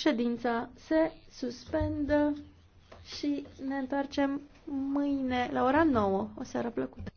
Ședința se suspendă și ne întoarcem mâine la ora 9. O seară plăcută!